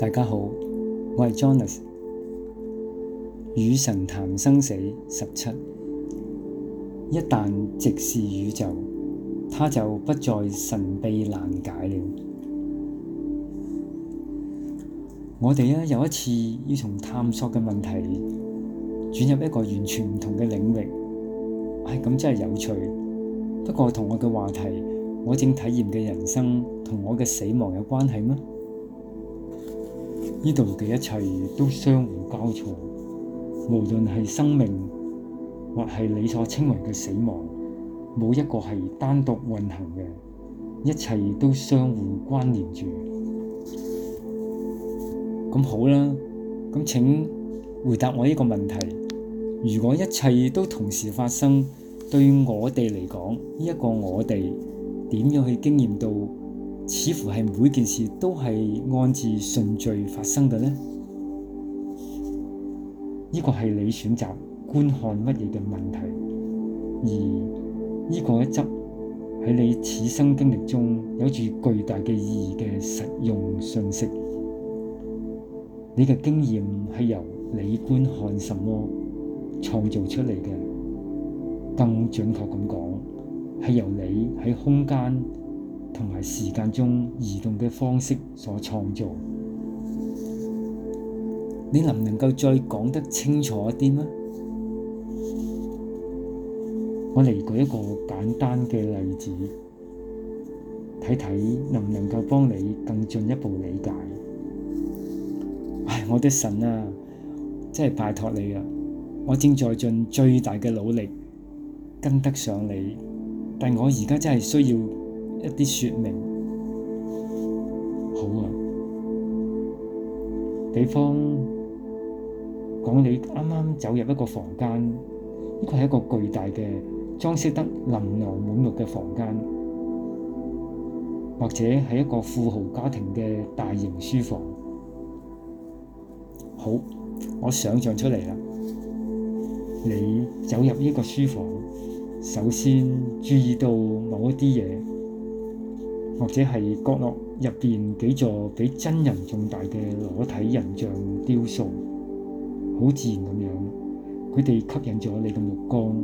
大家好，我係 Jonas。與神談生死十七，一旦直視宇宙，它就不再神秘難解了。我哋啊，有一次要從探索嘅問題，轉入一個完全唔同嘅領域，係、哎、咁真係有趣。不過同我嘅話題。我正體驗嘅人生同我嘅死亡有關係嗎？呢度嘅一切都相互交錯，無論係生命或係你所稱為嘅死亡，冇一個係單獨運行嘅，一切都相互關聯住。咁好啦，咁請回答我呢個問題：如果一切都同時發生，對我哋嚟講，呢一個我哋。點樣去經驗到，似乎係每件事都係按住順序發生嘅呢？呢、呢個係你選擇觀看乜嘢嘅問題，而呢個一則喺你此生經歷中有住巨大嘅意義嘅實用信息。你嘅經驗係由你觀看什麼創造出嚟嘅，更準確咁講。係由你喺空間同埋時間中移動嘅方式所創造。你能唔能夠再講得清楚一啲嗎？我嚟舉一個簡單嘅例子，睇睇能唔能夠幫你更進一步理解。唉、哎，我的神啊，真係拜託你啊！我正在盡最大嘅努力跟得上你。但我而家真係需要一啲説明，好啊！比方講，講你啱啱走入一個房間，呢、這個係一個巨大嘅裝飾得琳琅滿目嘅房間，或者係一個富豪家庭嘅大型書房。好，我想像出嚟啦，你走入呢個書房。首先注意到某一啲嘢，或者係角落入邊幾座比真人仲大嘅裸體人像雕塑，好自然咁樣，佢哋吸引咗你嘅目光。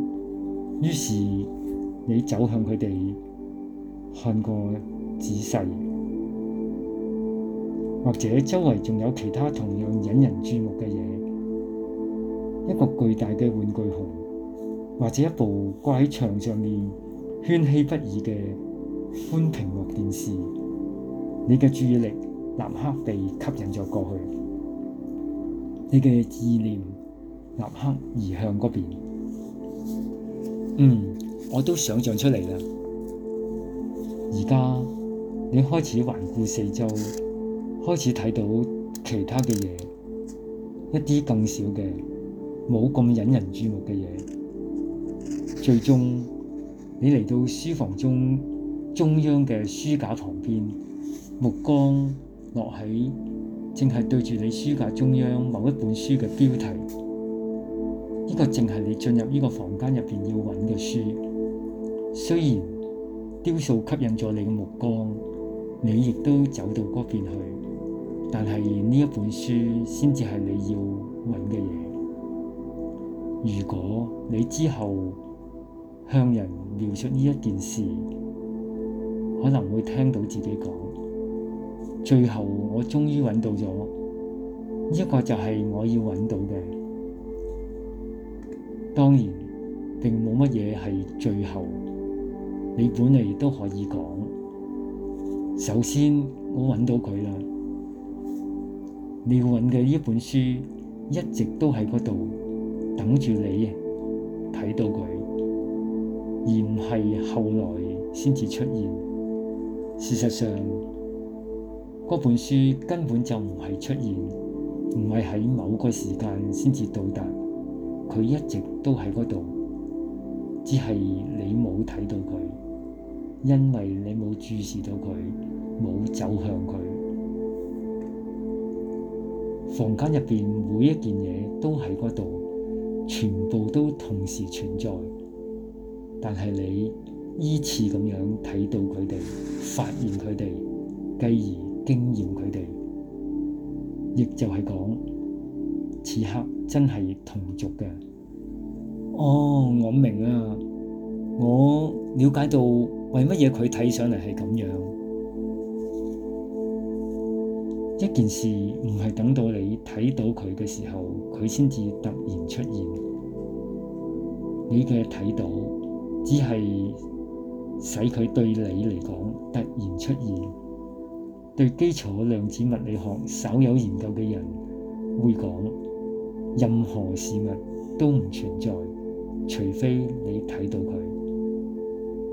於是你走向佢哋，看個仔細，或者周圍仲有其他同樣引人注目嘅嘢，一個巨大嘅玩具熊。或者一部掛喺牆上面喧囂不已嘅寬屏幕電視，你嘅注意力立刻被吸引咗過去，你嘅意念立刻移向嗰邊。嗯，我都想象出嚟啦。而家你開始環顧四周，開始睇到其他嘅嘢，一啲更少嘅冇咁引人注目嘅嘢。最終你嚟到書房中中央嘅書架旁邊，目光落喺正係對住你書架中央某一本書嘅標題，呢個正係你進入呢個房間入邊要揾嘅書。雖然雕塑吸引咗你嘅目光，你亦都走到嗰邊去，但係呢一本書先至係你要揾嘅嘢。如果你之後，向人描述呢一件事，可能會聽到自己講。最後我終於找，我終於揾到咗，呢一個就係我要揾到嘅。當然，並冇乜嘢係最後。你本嚟亦都可以講。首先，我揾到佢啦。你要揾嘅呢本書一直都喺嗰度等住你嘅，睇到佢。而唔係後來先至出現。事實上，嗰本書根本就唔係出現，唔係喺某個時間先至到達。佢一直都喺嗰度，只係你冇睇到佢，因為你冇注視到佢，冇走向佢。房間入面每一件嘢都喺嗰度，全部都同時存在。但係你依次咁樣睇到佢哋，發現佢哋，繼而經驗佢哋，亦就係講此刻真係同族嘅。哦，我明啊，我了解到為乜嘢佢睇上嚟係咁樣。一件事唔係等到你睇到佢嘅時候，佢先至突然出現。你嘅睇到。只係使佢對你嚟講突然出現，對基礎量子物理學稍有研究嘅人會講，任何事物都唔存在，除非你睇到佢。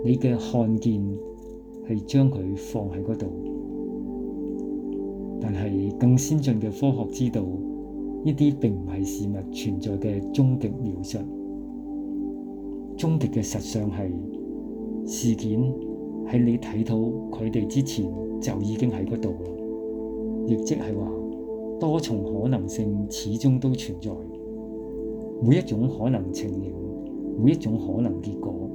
你嘅看見係將佢放喺嗰度，但係更先進嘅科學知道，呢啲並唔係事物存在嘅終極描述。終極嘅實相係事件喺你睇到佢哋之前，就已經喺嗰度啦。亦即係話，多重可能性始終都存在，每一種可能情形，每一種可能結果，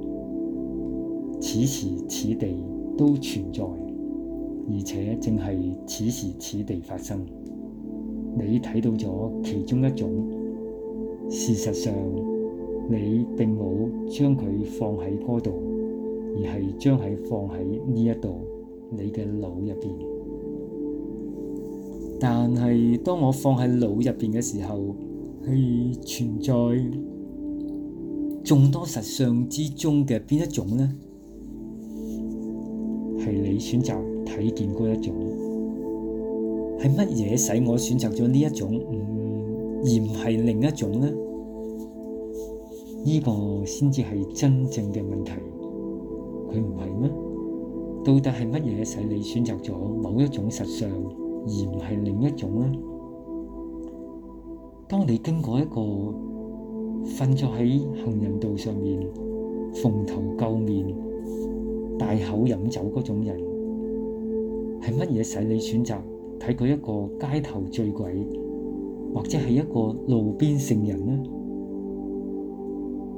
此時此地都存在，而且正係此時此地發生。你睇到咗其中一種，事實上。你並冇將佢放喺嗰度，而係將佢放喺呢一度你嘅腦入邊。但係當我放喺腦入邊嘅時候，係存在眾多實相之中嘅邊一種呢？係你選擇睇見嗰一種。係乜嘢使我選擇咗呢一種，而唔係另一種呢？呢個先至係真正嘅問題，佢唔係咩？到底係乜嘢使你選擇咗某一種實相，而唔係另一種呢？當你經過一個瞓咗喺行人道上面，蓬頭垢面、大口飲酒嗰種人，係乜嘢使你選擇睇佢一個街頭醉鬼，或者係一個路邊聖人呢？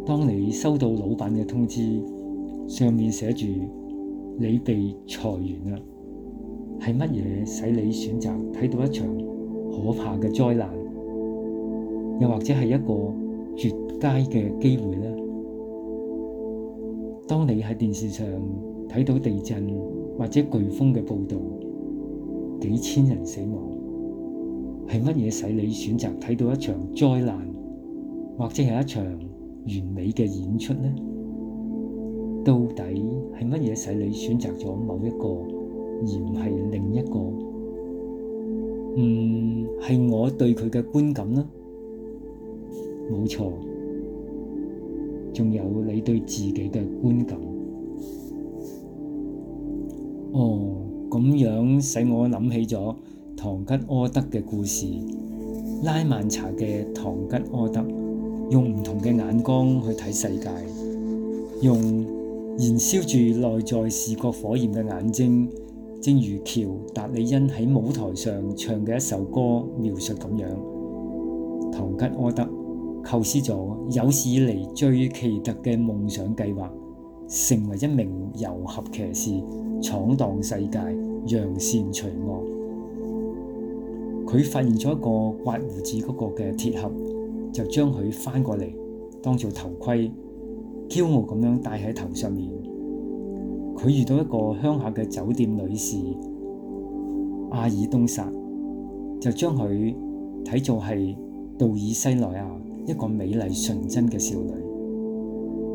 當你收到老闆嘅通知，上面寫住你被裁員啦，係乜嘢使你選擇睇到一場可怕嘅災難，又或者係一個絕佳嘅機會呢？當你喺電視上睇到地震或者颶風嘅報導，幾千人死亡，係乜嘢使你選擇睇到一場災難，或者係一場？完美嘅演出呢，到底係乜嘢使你選擇咗某一個，而唔係另一個？嗯，係我對佢嘅觀感啦，冇錯。仲有你對自己嘅觀感。哦，咁樣使我諗起咗唐吉柯德嘅故事，拉曼查嘅唐吉柯德。用唔同嘅眼光去睇世界，用燃燒住內在視覺火焰嘅眼睛，正如喬達里恩喺舞台上唱嘅一首歌描述咁樣。唐吉柯德構思咗有史以嚟最奇特嘅夢想計劃，成為一名遊俠騎士，闖蕩世界，揚善除惡。佢發現咗一個刮鬍子嗰個嘅鐵盒。就將佢翻過嚟當做頭盔，驕傲咁樣戴喺頭上面。佢遇到一個鄉下嘅酒店女士阿爾東薩，就將佢睇做係道爾西內亞一個美麗純真嘅少女。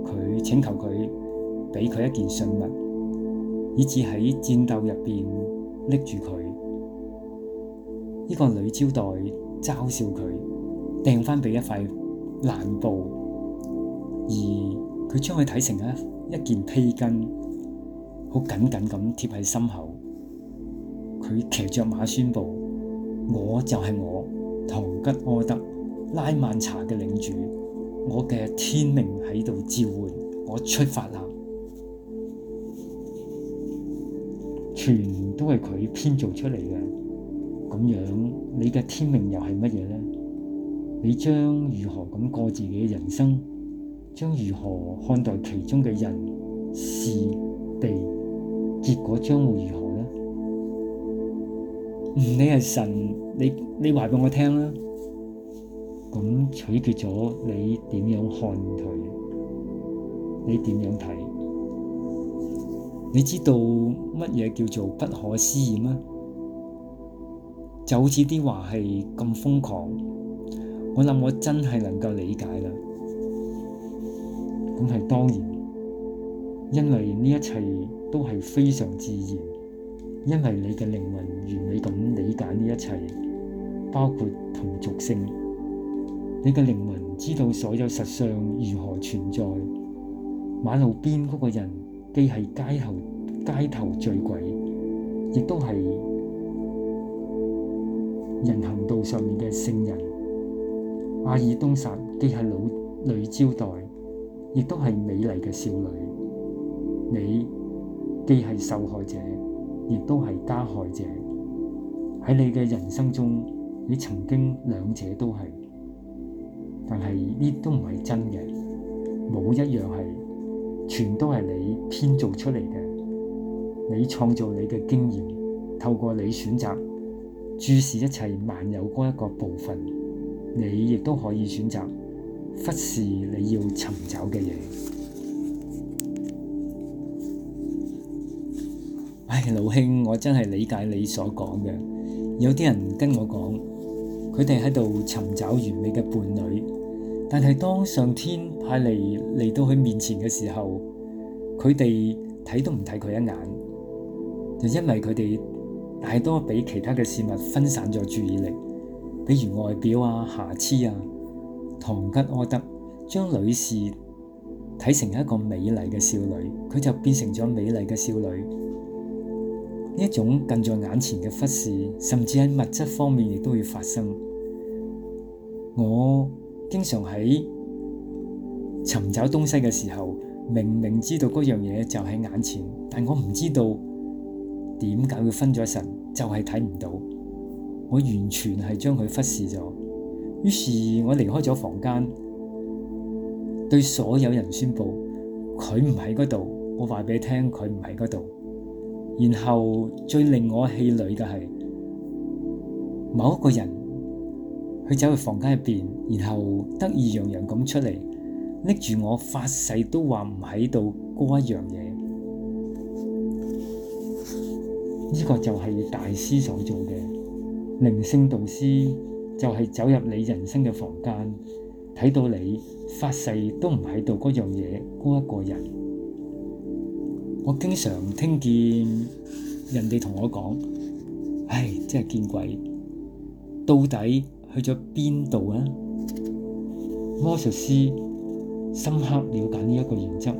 佢請求佢俾佢一件信物，以至喺戰鬥入邊拎住佢。呢個女招待嘲笑佢。掟翻畀一塊爛布，而佢將佢睇成一一件披巾，好緊緊咁貼喺心口。佢騎着馬宣布：我就係我，唐吉訶德拉曼查嘅領主。我嘅天命喺度召喚，我出發啦！全都係佢編造出嚟嘅。咁樣，你嘅天命又係乜嘢呢？你將如何咁過自己嘅人生？將如何看待其中嘅人事地？結果將會如何呢，嗯？你係神，你你話畀我聽啦。咁取決咗你點樣看佢，你點樣睇？你知道乜嘢叫做不可思議嗎？就好似啲話係咁瘋狂。我諗我真係能夠理解啦，咁係當然，因為呢一切都係非常自然，因為你嘅靈魂完美咁理解呢一切，包括同俗性，你嘅靈魂知道所有實相如何存在。馬路邊嗰個人既係街頭街頭醉鬼，亦都係人行道上面嘅聖人。阿爾東薩既係老女招待，亦都係美麗嘅少女。你既係受害者，亦都係加害者。喺你嘅人生中，你曾經兩者都係，但係呢都唔係真嘅，冇一樣係，全都係你編造出嚟嘅。你創造你嘅經驗，透過你選擇注視一切萬有嗰一個部分。你亦都可以選擇忽視你要尋找嘅嘢。唉，老兄，我真係理解你所講嘅。有啲人跟我講，佢哋喺度尋找完美嘅伴侶，但係當上天派嚟嚟到佢面前嘅時候，佢哋睇都唔睇佢一眼，就因為佢哋大多畀其他嘅事物分散咗注意力。比如外表啊、瑕疵啊、唐吉柯德將女士睇成一個美麗嘅少女，佢就變成咗美麗嘅少女。呢一種近在眼前嘅忽視，甚至喺物質方面亦都會發生。我經常喺尋找東西嘅時候，明明知道嗰樣嘢就喺眼前，但我唔知道點解會分咗神，就係睇唔到。我完全係將佢忽視咗，於是，我離開咗房間，對所有人宣佈佢唔喺嗰度。我話畀你聽，佢唔喺嗰度。然後最令我氣餒嘅係，某一個人佢走去房間入邊，然後得意洋洋咁出嚟，拎住我發誓都話唔喺度嗰一樣嘢。呢、這個就係大師所做嘅。靈性導師就係走入你人生嘅房間，睇到你發誓都唔喺度嗰樣嘢，嗰一個人。我經常聽見人哋同我講：唉，真係見鬼，到底去咗邊度啊？魔術師深刻了解呢一個原則，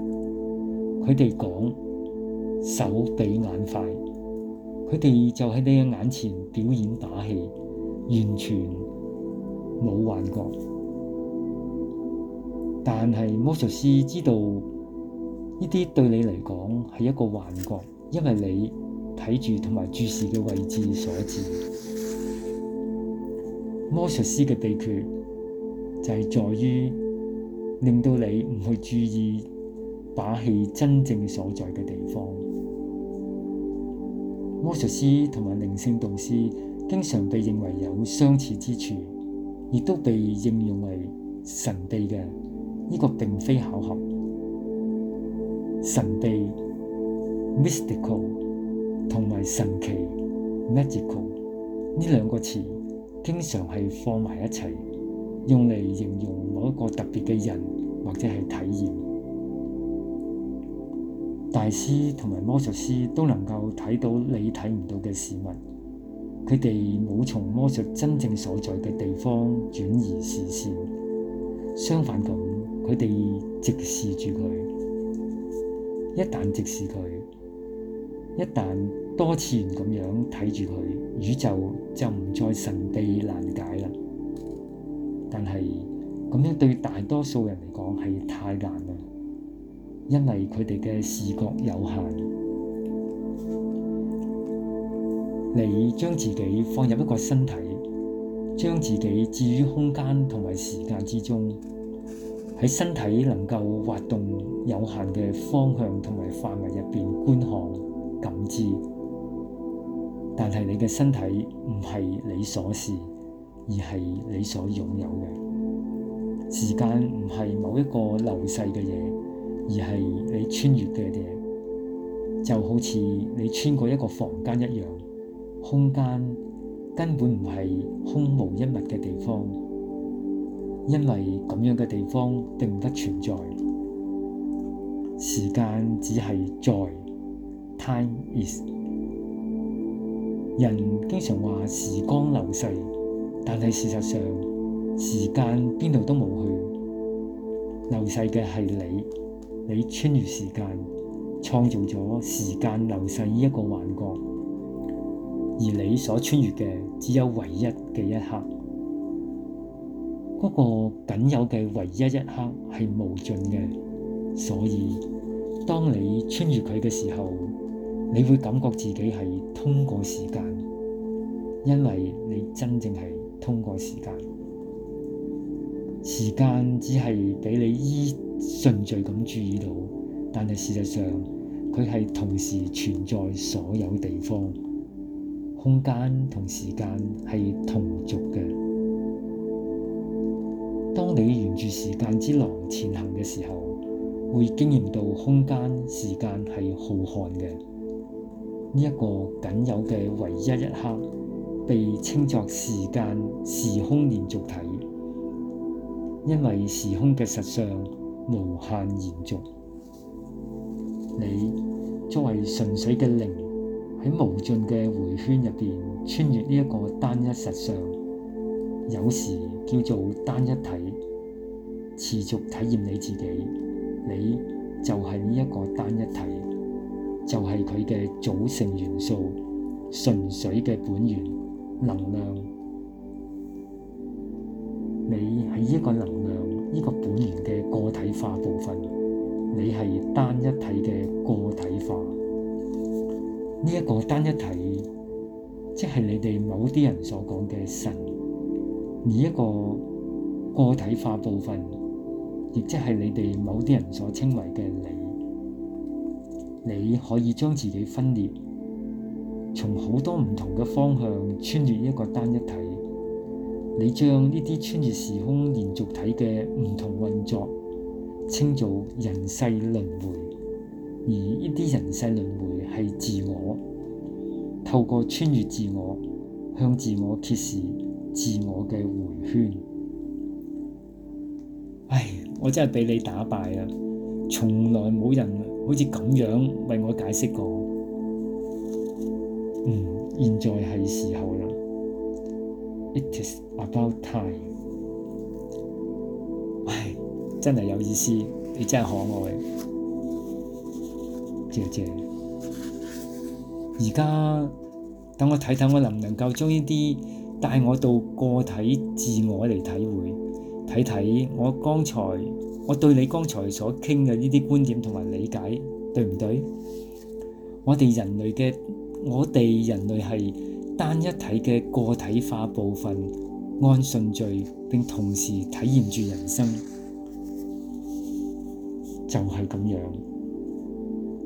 佢哋講手比眼快。佢哋就喺你嘅眼前表演打戲，完全冇幻覺。但係魔術師知道，呢啲對你嚟講係一個幻覺，因為你睇住同埋注視嘅位置所致。魔術師嘅秘訣就係在於令到你唔去注意把戲真正所在嘅地方。魔術師同埋靈性導師經常被認為有相似之處，亦都被應用為神秘嘅。呢個並非巧合。神秘 （mystical） 同埋神奇 （magical） 呢兩個詞經常係放埋一齊，用嚟形容某一個特別嘅人或者係體驗。大師同埋魔術師都能夠睇到你睇唔到嘅事物，佢哋冇從魔術真正所在嘅地方轉移視線，相反咁佢哋直視住佢，一旦直視佢，一旦多次元咁樣睇住佢，宇宙就唔再神秘難解啦。但係咁樣對大多數人嚟講係太難啦。因為佢哋嘅視覺有限，你將自己放入一個身體，將自己置於空間同埋時間之中，喺身體能夠滑動有限嘅方向同埋範圍入邊觀看、感知。但係你嘅身體唔係你所是，而係你所擁有嘅。時間唔係某一個流逝嘅嘢。而係你穿越嘅嘢，就好似你穿過一個房間一樣，空間根本唔係空無一物嘅地方，因為咁樣嘅地方並不存在。時間只係在，time is。人經常話時光流逝，但係事實上時間邊度都冇去，流逝嘅係你。你穿越時間，創造咗時間流逝呢一個幻覺，而你所穿越嘅只有唯一嘅一刻，嗰個僅有嘅唯一一刻係無盡嘅，所以當你穿越佢嘅時候，你會感覺自己係通過時間，因為你真正係通過時間。時間只係俾你依順序咁注意到，但係事實上佢係同時存在所有地方。空間同時間係同族嘅。當你沿住時間之廊前行嘅時候，會經驗到空間時間係浩瀚嘅。呢、這、一個僅有嘅唯一一刻，被稱作時間時空連續體。因為時空嘅實相無限延續，你作為純粹嘅靈喺無盡嘅迴圈入邊穿越呢一個單一實相，有時叫做單一體。持續體驗你自己，你就係呢一個單一體，就係佢嘅組成元素，純粹嘅本源能量。你係一個能量，呢個本源嘅個體化部分。你係單一體嘅個體化，呢一個單一體即係你哋某啲人所講嘅神。而一個個體化部分，亦即係你哋某啲人所稱為嘅你。你可以將自己分裂，從好多唔同嘅方向穿越一個單一體。你將呢啲穿越時空連續體嘅唔同運作，稱做人世輪迴，而呢啲人世輪迴係自我透過穿越自我向自我揭示自我嘅回圈。唉，我真係俾你打敗啦！從來冇人好似咁樣為我解釋過。嗯，現在係時候啦。It is about time。唉，真係有意思，你真係可愛，謝謝。而家等我睇睇，我能唔能夠將呢啲帶我到個體自我嚟體會，睇睇我剛才我對你剛才所傾嘅呢啲觀點同埋理解，對唔對？我哋人類嘅，我哋人類係。單一體嘅個體化部分，按順序並同時體驗住人生，就係咁樣。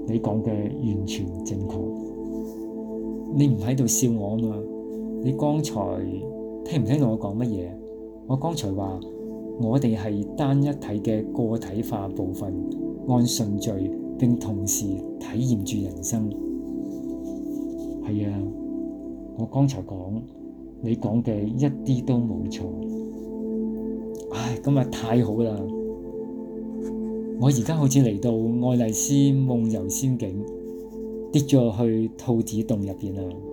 你講嘅完全正確。你唔喺度笑我嘛？你剛才聽唔聽到我講乜嘢？我剛才話我哋係單一體嘅個體化部分，按順序並同時體驗住人生。係啊。我剛才講你講嘅一啲都冇錯，唉，咁咪太好啦！我而家好似嚟到愛麗絲夢遊仙境，跌咗去兔子洞入邊啦～